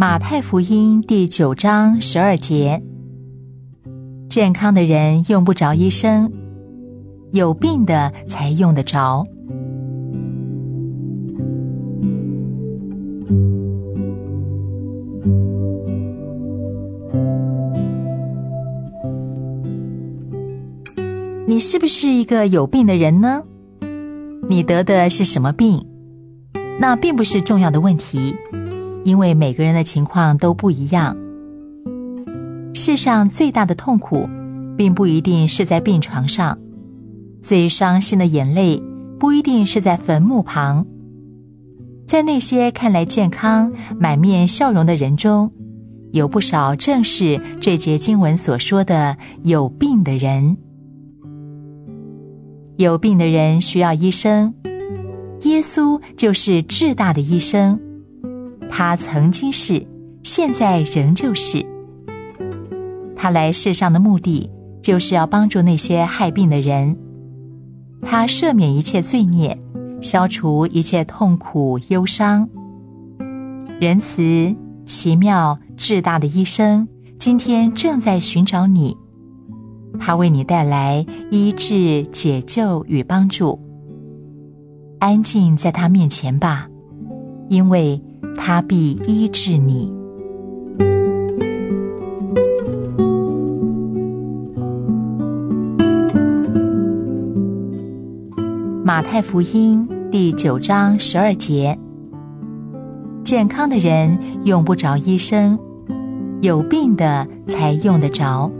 馬太福音第九章十二節：健康的人用不着醫生，有病的才用得着。你是不是一個有病的人呢？你得的是什麼病？那並不是重要的問題。因為每個人的情況都不一樣。世上最大的痛苦，並不一定是在病床上；最傷心的眼淚，不一定是在墳墓旁。在那些看來健康、滿面笑容的人中，有不少正是這節經文所說的有病的人。有病的人需要醫生，耶穌就是至大的醫生。他曾經是，現在仍舊是。他來世上的目的，就是要幫助那些害病的人。他赦免一切罪孽，消除一切痛苦憂傷。仁慈、奇妙、至大的醫生，今天正在尋找你。他為你帶來醫治、解救與幫助。安靜在他面前吧，因為。他必醫治你。馬太福音第九章十二節，健康的人用不着醫生，有病的才用得着。